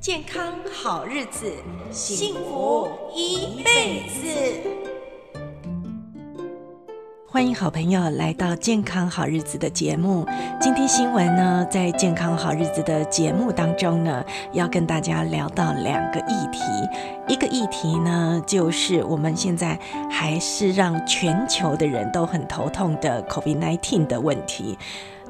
健康好日子，幸福一輩子。歡迎好朋友來到《健康好日子》的節目。今天新聞呢，在《健康好日子》的節目當中呢，要跟大家聊到兩個議題。一個議題呢，就是我們現在還是讓全球的人都很頭痛的 COVID-19 的問題。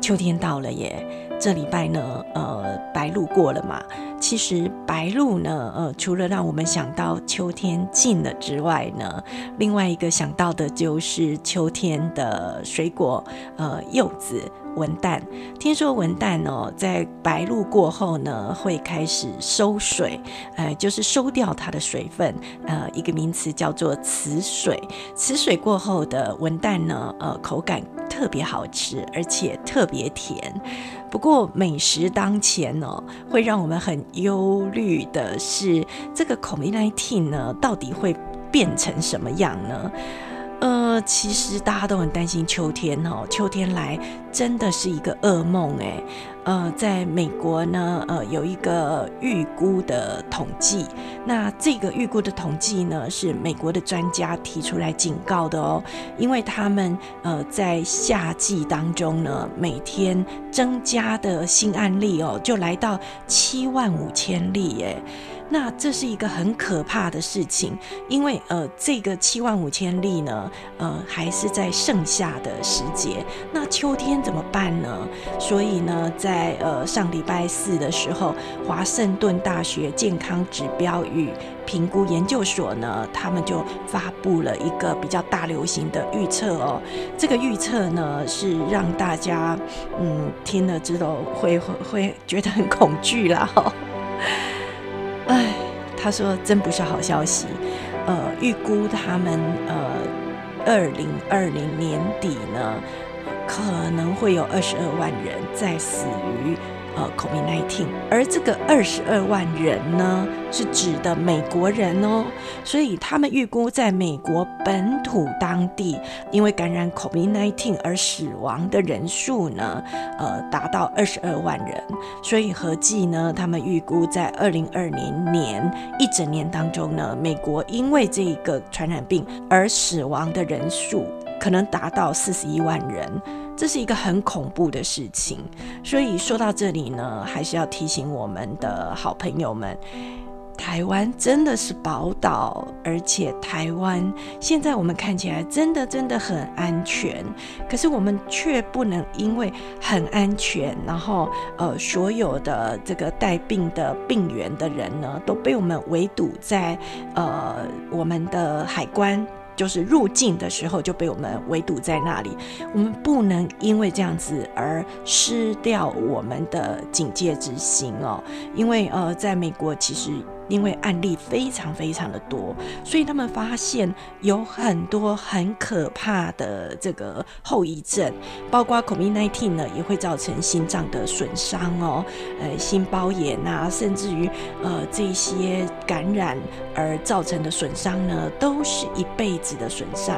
秋天到了耶，這禮拜呢，呃，白露過了嘛。其實白露呢，呃，除了讓我們想到秋天近了之外呢，另外一個想到的就是秋天的水果，呃，柚子。文旦，聽說文旦哦，在白露過後呢，會開始收水，哎、呃，就是收掉它的水分，呃，一個名詞叫做“辭水”。辭水過後的文旦呢，呃，口感特別好吃，而且特別甜。不過美食當前呢、哦，會讓我們很憂慮的是，這個 COVID-19 呢，到底會變成什麼樣呢？呃，其實大家都很擔心秋天哦，秋天來真的是一個噩夢誒，呃，在美國呢，呃，有一個預估的統計，那這個預估的統計呢，是美國的專家提出來警告的哦，因為他們呃在夏季當中呢，每天增加的新案例哦，就來到七萬五千例誒。那這是一個很可怕的事情，因為呃，這個七萬五千例呢，呃，還是在盛夏的時節。那秋天怎麼辦呢？所以呢，在呃上禮拜四的時候，華盛頓大學健康指標與評估研究所呢，他們就發布了一個比較大流行的預測哦。這個預測呢，是讓大家嗯聽了之後會會，會覺得很恐懼啦，哦。他說：“真不是好消息，呃，預估他們呃，二零二零年底呢，可能會有二十二萬人在死於。”呃，COVID-19，而這個二十二萬人呢，是指的美國人哦，所以他們預估在美國本土當地，因為感染 COVID-19 而死亡的人數呢，呃，達到二十二萬人，所以合計呢，他們預估在二零二零年一整年當中呢，美國因為這個傳染病而死亡的人數可能達到四十一萬人。這是一個很恐怖的事情，所以說到這裡呢，還是要提醒我們的好朋友們，台灣真的是寶島，而且台灣現在我們看起來真的真的很安全，可是我們卻不能因為很安全，然後呃所有的這個帶病的病原的人呢，都被我們圍堵在呃我們的海關。就是入境的時候就被我們圍堵在那裡，我們不能因為這樣子而失掉我們的警戒之心哦、喔，因為呃，在美國其實。因為案例非常非常的多，所以他們發現有很多很可怕的這個後遺症，包括 COVID-19 呢，也會造成心臟的損傷哦，呃，心包炎啊，甚至於呃，這些感染而造成的損傷呢，都是一輩子的損傷。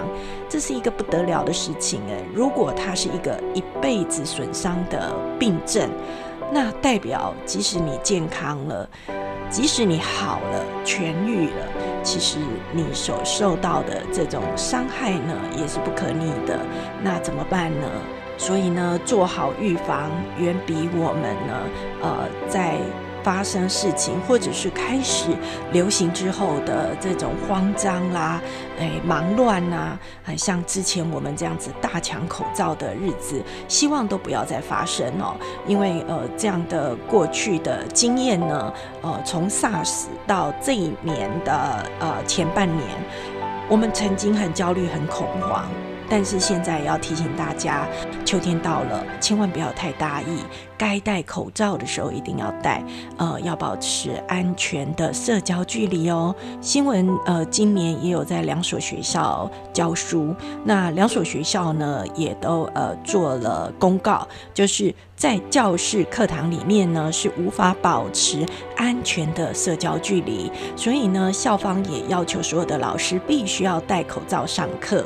這是一個不得了的事情誒，如果它是一個一輩子損傷的病症，那代表即使你健康了。即使你好了、痊癒了，其實你所受到的這種傷害呢，也是不可逆的。那怎麼辦呢？所以呢，做好預防遠比我們呢，呃，在。發生事情，或者是開始流行之後的這種慌張啦、啊，哎，忙亂吶、啊,很像之前我們這樣子大搶口罩的日子，希望都不要再發生哦。因為呃，這樣的過去的經驗呢，呃，從 SARS 到這一年的呃前半年，我們曾經很焦慮、很恐慌，但是現在也要提醒大家。秋天到了，千萬不要太大意，該戴口罩的時候一定要戴，呃，要保持安全的社交距離哦。新聞，呃，今年也有在兩所學校教書，那兩所學校呢，也都呃做了公告，就是。在教室、課堂裡面呢，是無法保持安全的社交距離，所以呢，校方也要求所有的老師必須要戴口罩上課。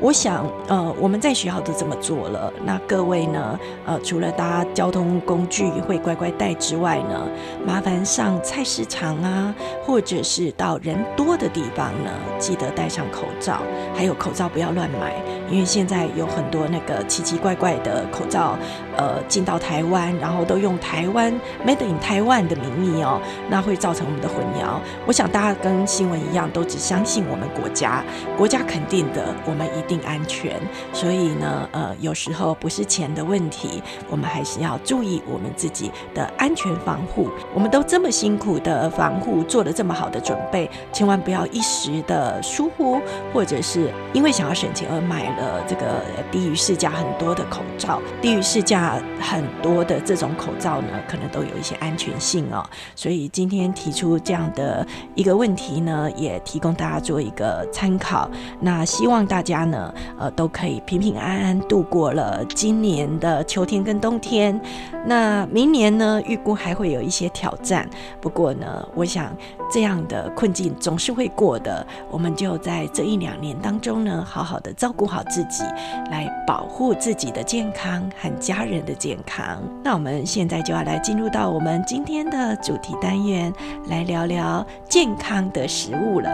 我想，呃，我們在學校都這麼做了。那各位呢，呃，除了搭交通工具會乖乖戴之外呢，麻煩上菜市場啊，或者是到人多的地方呢，記得戴上口罩。還有口罩不要亂買，因為現在有很多那個奇奇怪怪的口罩，呃，到台灣，然後都用台灣 “made in Taiwan” 的名義哦，那會造成我們的混淆。我想大家跟新聞一樣，都只相信我們國家，國家肯定的，我們一定安全。所以呢，呃，有時候不是錢的問題，我們還是要注意我們自己的安全防護。我們都這麼辛苦的防護，做了這麼好的準備，千萬不要一時的疏忽，或者是因為想要省錢而買了這個低於市價很多的口罩，低於市價很。很多的這種口罩呢，可能都有一些安全性哦。所以今天提出這樣的一個問題呢，也提供大家做一個參考。那希望大家呢，呃，都可以平平安安度過了今年的秋天跟冬天。那明年呢，預估還會有一些挑戰。不過呢，我想這樣的困境總是會過的。我們就在這一兩年當中呢，好好的照顧好自己，來保護自己的健康和家人的健康。康，那我們現在就要來進入到我們今天的主題單元，來聊聊健康的食物了。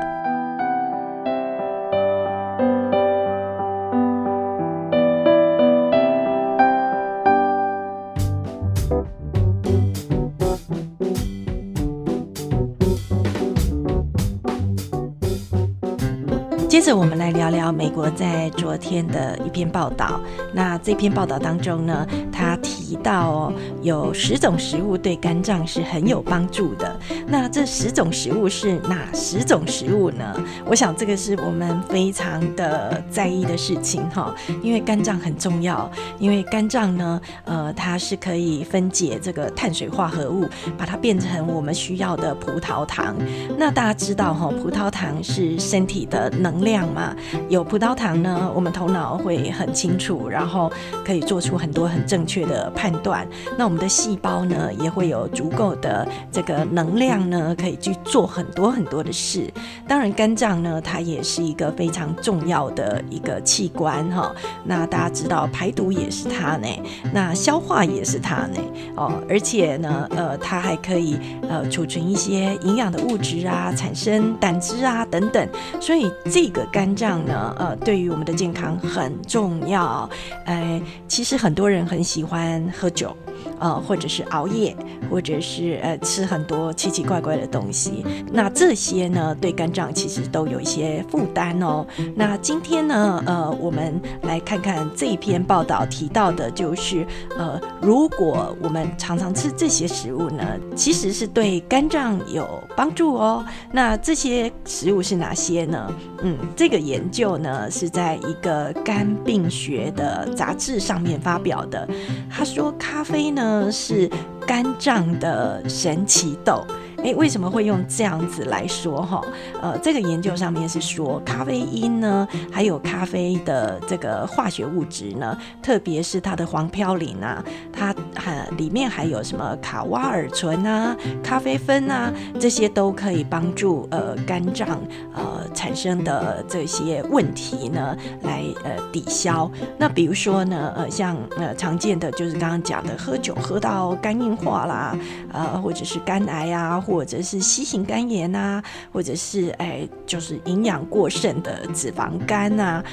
接着，我們來聊聊美國在昨天的一篇報道。那這篇報道當中呢，它。到有十種食物對肝臟是很有幫助的。那這十種食物是哪十種食物呢？我想這個是我們非常的在意的事情哈，因為肝臟很重要。因為肝臟呢，呃，它是可以分解這個碳水化合物，把它變成我們需要的葡萄糖。那大家知道哈，葡萄糖是身體的能量嘛？有葡萄糖呢，我們頭腦會很清楚，然後可以做出很多很正確的判。斷，那我們的細胞呢，也會有足夠的這個能量呢，可以去做很多很多的事。當然，肝臟呢，它也是一個非常重要的一個器官哈。那大家知道，排毒也是它呢，那消化也是它呢哦，而且呢，呃，它還可以呃儲存一些營養的物質啊，產生膽汁啊等等。所以這個肝臟呢，呃，對於我們的健康很重要。哎，其實很多人很喜歡。喝酒。呃，或者是熬夜，或者是呃吃很多奇奇怪怪的東西，那這些呢，對肝臟其實都有一些負擔哦。那今天呢，呃，我們來看看這一篇報道提到的，就是呃，如果我們常常吃這些食物呢，其實是對肝臟有幫助哦。那這些食物是哪些呢？嗯，這個研究呢是在一個肝病學的雜誌上面發表的。他說咖啡呢。是肝臟的神奇豆。哎，為什麼會用這樣子來說哈？呃，這個研究上面是說，咖啡因呢，還有咖啡的這個化學物質呢，特別是它的黃嘌呤啊，它還裡面還有什麼卡瓦爾醇啊、咖啡酚啊，這些都可以幫助呃肝臟呃產生的這些問題呢來呃抵消。那比如說呢，呃，像呃常見的就是剛剛講的喝酒喝到肝硬化啦，呃，或者是肝癌啊。或者是 C 型肝炎啊，或者是哎，就是營養過剩的脂肪肝啊，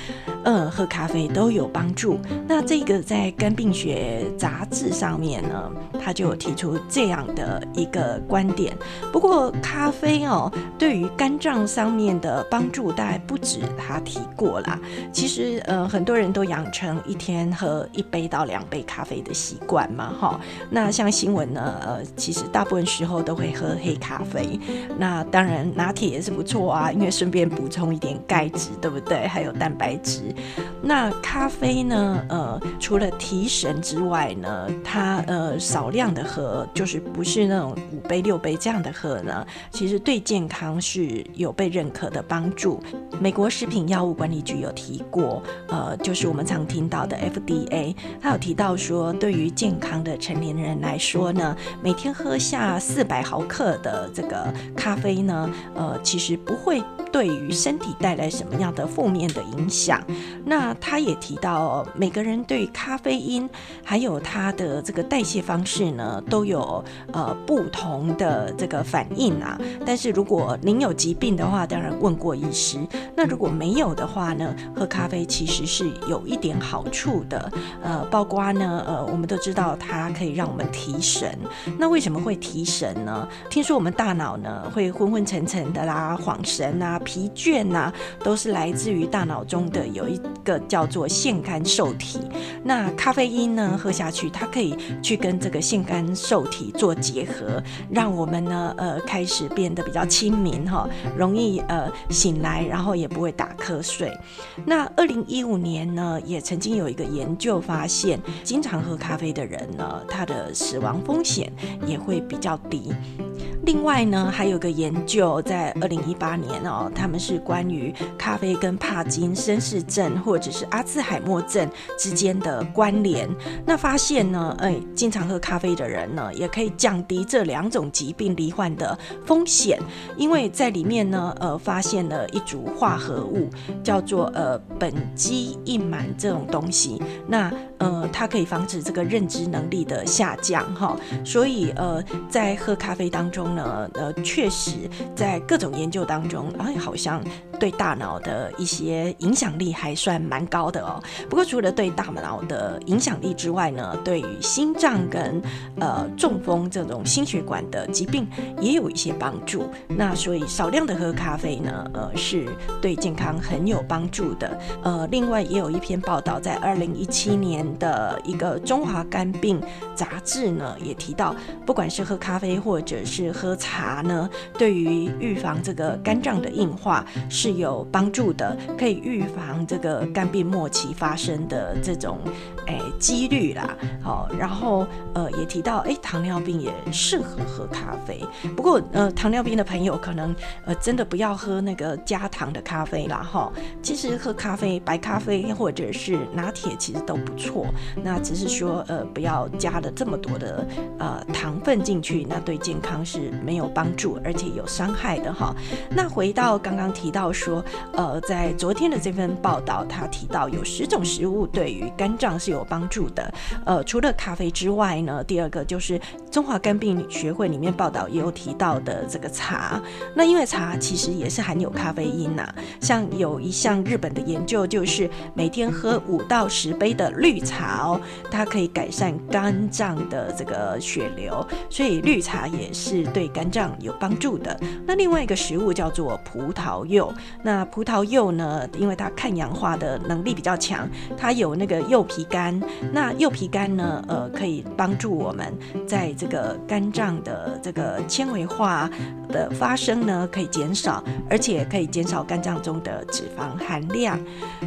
嗯、呃，喝咖啡都有幫助。那這個在《肝病學雜誌》上面呢，他就有提出這樣的一個觀點。不過咖啡哦，對於肝臟上面的幫助大概不止他提過啦。其實呃，很多人都養成一天喝一杯到兩杯咖啡的習慣嘛，哈。那像新聞呢，呃，其實大部分時候都會喝。黑咖啡。那當然拿鐵也是不錯啊，因為順便補充一點鈣質，對不對？還有蛋白質。那咖啡呢？呃，除了提神之外呢，它，呃少量的喝，就是不是那種五杯六杯這樣的喝呢，其實對健康是有被認可的幫助。美國食品藥物管理局有提過，呃，就是我們常聽到的 FDA，他有提到說，對於健康的成年人來說呢，每天喝下四百毫克的這個咖啡呢，呃，其實不會對於身體帶來什麼樣的負面的影響。那他也提到，每個人對咖啡因還有它的這個代謝方式呢，都有呃不同的這個反應啊。但是如果您有疾病的話，當然問過醫師。那如果沒有的話呢，喝咖啡其實是有一點好處的。呃，包括呢，呃，我們都知道它可以讓我們提神。那為什麼會提神呢？聽。是我們大腦呢會昏昏沉沉的啦、啊、恍神啊、疲倦啊，都是來自於大腦中的有一個叫做腺苷受體。那咖啡因呢喝下去，它可以去跟這個腺苷受體做結合，讓我們呢呃開始變得比較清明哈，容易呃醒來，然後也不會打瞌睡。那二零一五年呢，也曾經有一個研究發現，經常喝咖啡的人呢，他的死亡風險也會比較低。另外呢，還有個研究在二零一八年哦、喔，他們是關於咖啡跟帕金森氏症或者是阿茲海默症之間的關聯。那發現呢，哎、欸，經常喝咖啡的人呢，也可以降低這兩種疾病罹患的風險。因為在裡面呢，呃，發現了一組化合物叫做呃苯基茚滿這種東西。那呃，它可以防止這個認知能力的下降哈。所以呃，在喝咖啡當中呢。呃呃，確實在各種研究當中，哎，好像對大腦的一些影響力還算蠻高的哦。不過除了對大腦的影響力之外呢，對於心臟跟呃中風這種心血管的疾病也有一些幫助。那所以少量的喝咖啡呢，呃，是對健康很有幫助的。呃，另外也有一篇報道在二零一七年的一個《中華肝病雜誌》呢，也提到，不管是喝咖啡或者是喝。喝茶呢，對於預防這個肝臟的硬化是有幫助的，可以預防這個肝病末期發生的這種誒、哎、幾率啦。好、哦，然後呃也提到，誒糖尿病也適合喝咖啡，不過呃糖尿病的朋友可能呃真的不要喝那個加糖的咖啡啦。哈，其實喝咖啡，白咖啡或者是拿鐵其實都不錯，那只是說呃不要加了這麼多的呃糖分進去，那對健康是。沒有幫助，而且有傷害的哈。那回到剛剛提到說，呃，在昨天的這份報道，他提到有十種食物對於肝臟是有幫助的。呃，除了咖啡之外呢，第二個就是中華肝病學會裡面報道也有提到的這個茶。那因為茶其實也是含有咖啡因吶啊，像有一項日本的研究，就是每天喝五到十杯的綠茶哦，它可以改善肝臟的這個血流，所以綠茶也是對。肝臟有幫助的。那另外一個食物叫做葡萄柚。那葡萄柚呢，因為它抗氧化的能力比較強，它有那個柚皮苷。那柚皮苷呢，呃，可以幫助我們在這個肝臟的這個纖維化的發生呢，可以減少，而且可以減少肝臟中的脂肪含量。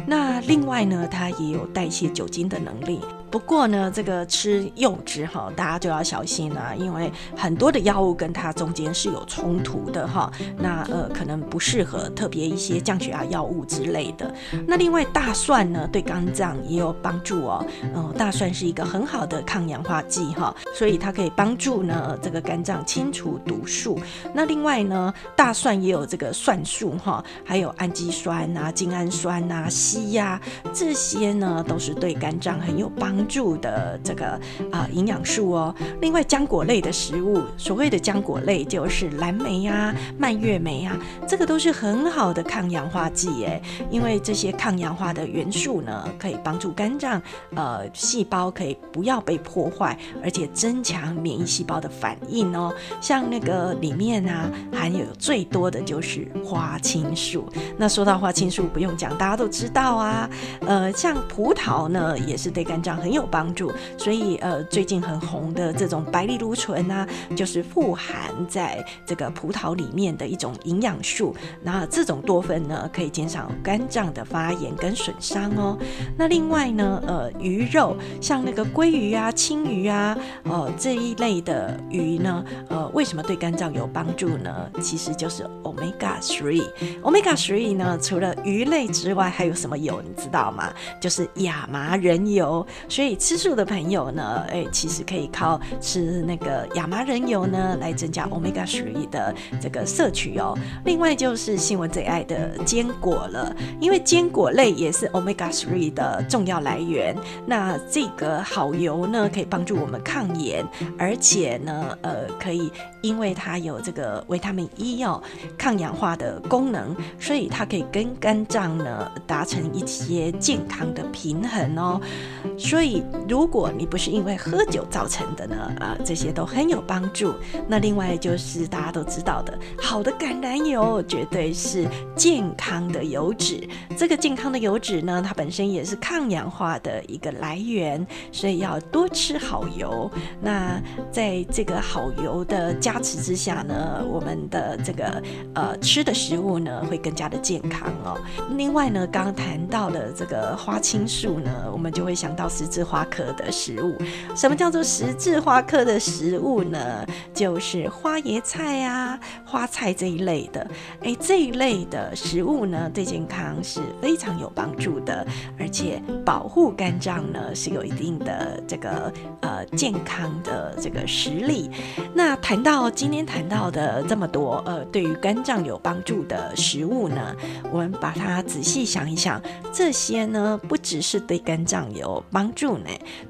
那另外呢，它也有代謝酒精的能力。不過呢，這個吃柚子哈，大家就要小心了，啊，因為很多的藥物跟它中間是有衝突的哈。那呃，可能不適合特別一些降血壓藥物之類的。那另外，大蒜呢對肝臟也有幫助哦。嗯、呃，大蒜是一個很好的抗氧化劑哈，所以它可以幫助呢這個肝臟清除毒素。那另外呢，大蒜也有這個蒜素哈，還有氨基酸吶、啊、精氨酸吶、啊、硒呀、啊，這些呢都是對肝臟很有幫。助的這個啊營養素哦，另外漿果類的食物，所謂的漿果類就是藍莓呀、啊、蔓越莓啊，這個都是很好的抗氧化劑哎，因為這些抗氧化的元素呢，可以幫助肝臟呃細胞可以不要被破壞，而且增強免疫細胞的反應哦。像那個裡面啊，含有最多的就是花青素。那說到花青素，不用講，大家都知道啊，呃，像葡萄呢，也是對肝臟很。很有幫助，所以呃，最近很紅的這種白藜蘆醇啊，就是富含在這個葡萄裡面的一種營養素。那這種多酚呢，可以減少肝臟的發炎跟損傷哦。那另外呢，呃，魚肉像那個鮭魚啊、青魚啊，呃，這一類的魚呢，呃，為什麼對肝臟有幫助呢？其實就是 Omega Three。Omega Three 呢，除了魚類之外，還有什麼油你知道嗎？就是亞麻仁油。所以吃素的朋友呢，欸，其實可以靠吃那個亞麻仁油呢，來增加 omega-3 的這個攝取哦。另外就是新聞最愛的堅果了，因為堅果類也是 omega-3 的重要來源。那這個好油呢，可以幫助我們抗炎，而且呢，呃，可以因為它有這個維他命 E 喔，抗氧化的功能，所以它可以跟肝臟呢達成一些健康的平衡哦。所以如果你不是因為喝酒造成的呢？啊、呃，這些都很有幫助。那另外就是大家都知道的，好的橄欖油絕對是健康的油脂。這個健康的油脂呢，它本身也是抗氧化的一個來源，所以要多吃好油。那在這個好油的加持之下呢，我們的這個呃吃的食物呢會更加的健康哦。另外呢，剛談到的這個花青素呢，我們就會想到是。十字花科的食物，什麼叫做十字花科的食物呢？就是花椰菜啊、花菜這一類的。哎，這一類的食物呢，對健康是非常有幫助的，而且保護肝臟呢是有一定的這個呃健康的這個實力。那談到今天談到的這麼多呃，對於肝臟有幫助的食物呢，我們把它仔細想一想，這些呢不只是對肝臟有幫助。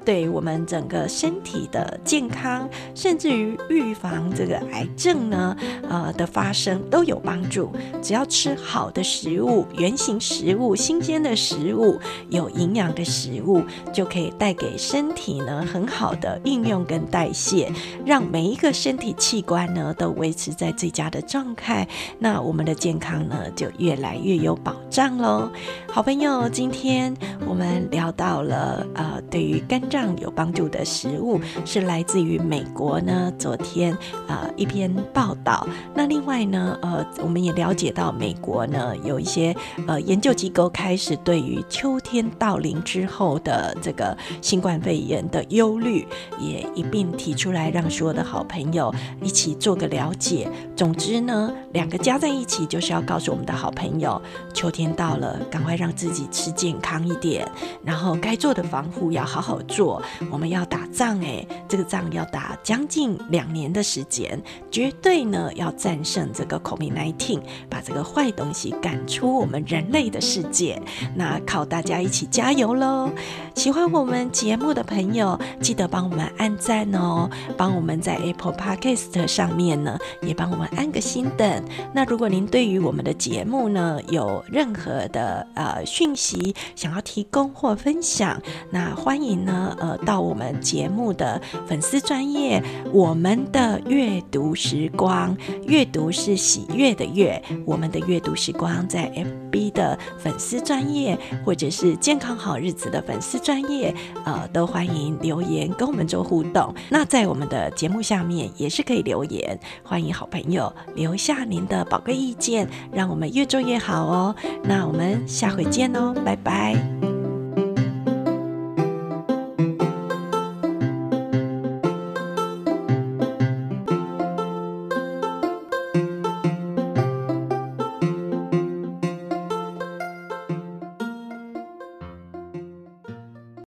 對我們整個身體的健康，甚至於預防這個癌症呢，呃的發生都有幫助。只要吃好的食物、原型食物、新鮮的食物、有營養的食物，就可以帶給身體呢很好的運用跟代謝，讓每一個身體器官呢都維持在最佳的狀態。那我們的健康呢就越來越有保障嘍。好朋友，今天我們聊到了呃。對於肝臟有幫助的食物是來自於美國呢。昨天啊、呃、一篇報道，那另外呢，呃，我們也了解到美國呢有一些呃研究機構開始對於秋天到臨之後的這個新冠肺炎的憂慮，也一併提出來，讓所有的好朋友一起做個了解。總之呢，兩個加在一起就是要告訴我們的好朋友，秋天到了，趕快讓自己吃健康一點，然後該做的防護。要好好做，我們要打仗哎、欸，這個仗要打將近兩年的時間，絕對呢要戰勝這個 COVID-19，把這個壞東西趕出我們人類的世界。那靠大家一起加油嘍！喜歡我們節目的朋友，記得幫我們按讚哦，幫我們在 Apple Podcast 上面呢，也幫我們按個星等。那如果您對於我們的節目呢有任何的呃訊息想要提供或分享，那歡迎呢，呃，到我們節目的粉絲專頁，我們的閱讀時光，閱讀是喜悅的悅，我們的閱讀時光在 FB 的粉絲專頁，或者是健康好日子的粉絲專頁，呃，都歡迎留言跟我們做互動。那在我們的節目下面也是可以留言，歡迎好朋友留下您的寶貴意見，讓我們越做越好哦。那我們下回見嘍，拜拜。